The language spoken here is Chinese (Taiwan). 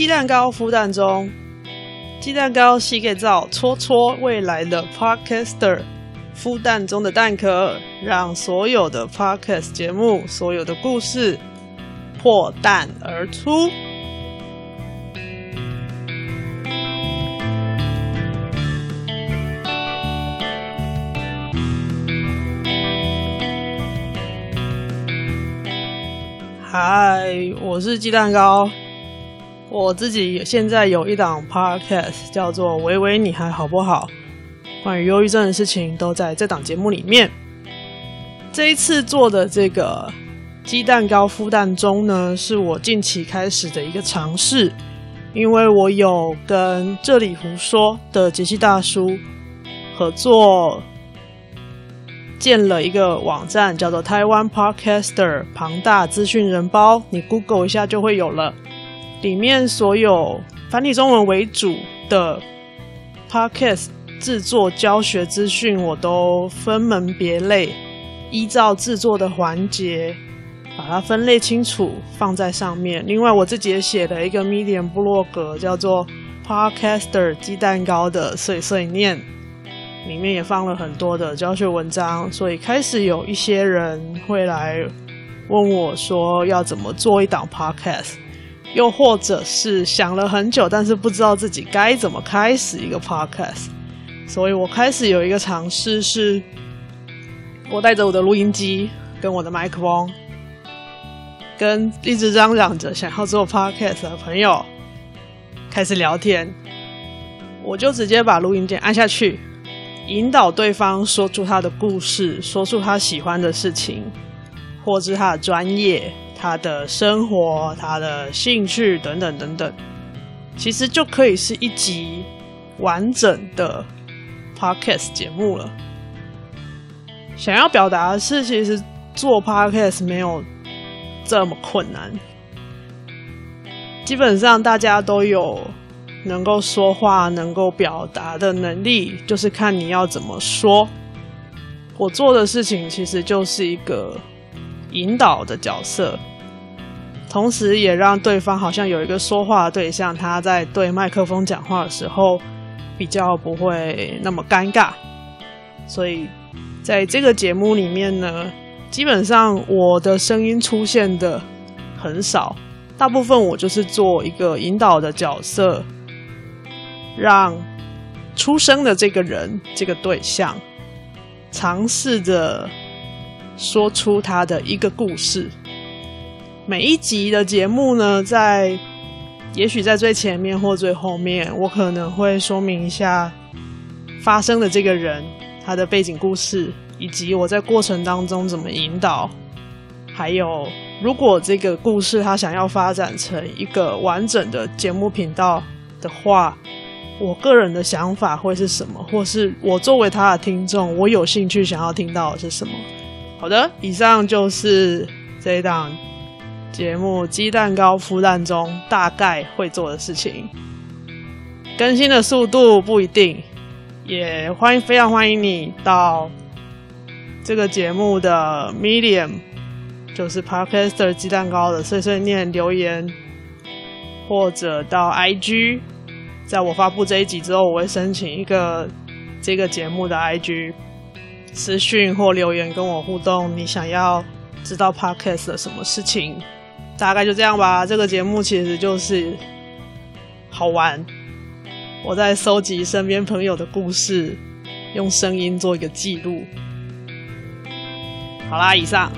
雞蛋糕孵蛋中，雞蛋糕洗個澡搓搓未來的 Podcaster，孵蛋中的蛋殼，讓所有的 Podcast 節目、所有的故事破蛋而出。嗨，我是雞蛋糕。我自己現在有一檔 Podcast 叫做《微微你還好不好》，關於憂鬱症的事情都在這檔節目裡面。這一次做的這個雞蛋糕孵蛋中呢，是我近期開始的一個嘗試，因為我有跟這裡胡說的杰西大叔合作，建了一個網站，叫做台灣 Podcaster 龐大資訊人包，你 Google 一下就會有了。裡面所有繁體中文為主的 Podcast 製作教學資訊，我都分門別類，依照製作的環節把它分類清楚放在上面。另外，我自己也寫了一個 medium 部落格，叫做 Podcaster 雞蛋糕的碎碎念，裡面也放了很多的教學文章。所以開始有一些人會來問我說，要怎麼做一檔 Podcast。又或者是想了很久，但是不知道自己該怎麼開始一個 podcast，所以我開始有一個嘗試是，是我帶着我的錄音機、跟我的麥克風，跟一直嚷嚷着想要做 podcast 的朋友開始聊天，我就直接把錄音鍵按下去，引導對方說出他的故事，說出他喜歡的事情。或是他的專業、他的生活、他的興趣等等等等，其實就可以是一集完整的 Podcast 節目了。想要表達的是，其實做 Podcast 沒有這麼困難。基本上大家都有能夠說話、能夠表達的能力，就是看你要怎麼說。我做的事情其實就是一個引導的角色，同時也讓對方好像有一個說話的對象。他在對麥克風講話的時候，比較不會那麼尷尬。所以，在這個節目裡面呢，基本上我的聲音出現得很少，大部分我就是做一個引導的角色，讓出聲的這個人、這個對象嘗試着。說出他的一個故事。每一集的節目呢，在也許在最前面或最後面，我可能會說明一下發生的這個人，他的背景故事，以及我在過程當中怎麼引導。還有，如果這個故事他想要發展成一個完整的節目頻道的話，我個人的想法會是什麼？或是我作為他的聽眾，我有興趣想要聽到的是什麼？好的，以上就是這一檔節目《雞蛋糕孵蛋中》大概會做的事情。更新的速度不一定，也歡迎非常歡迎你到這個節目的 Medium，就是 Podcaster 雞蛋糕的碎碎念留言，或者到 IG，在我發佈這一集之後，我會申請一個這個節目的 IG。私訊或留言跟我互動，你想要知道 Podcast 的什麼事情？大概就這樣吧。這個節目其實就是好玩，我在收集身邊朋友的故事，用聲音做一個記錄。好啦，以上。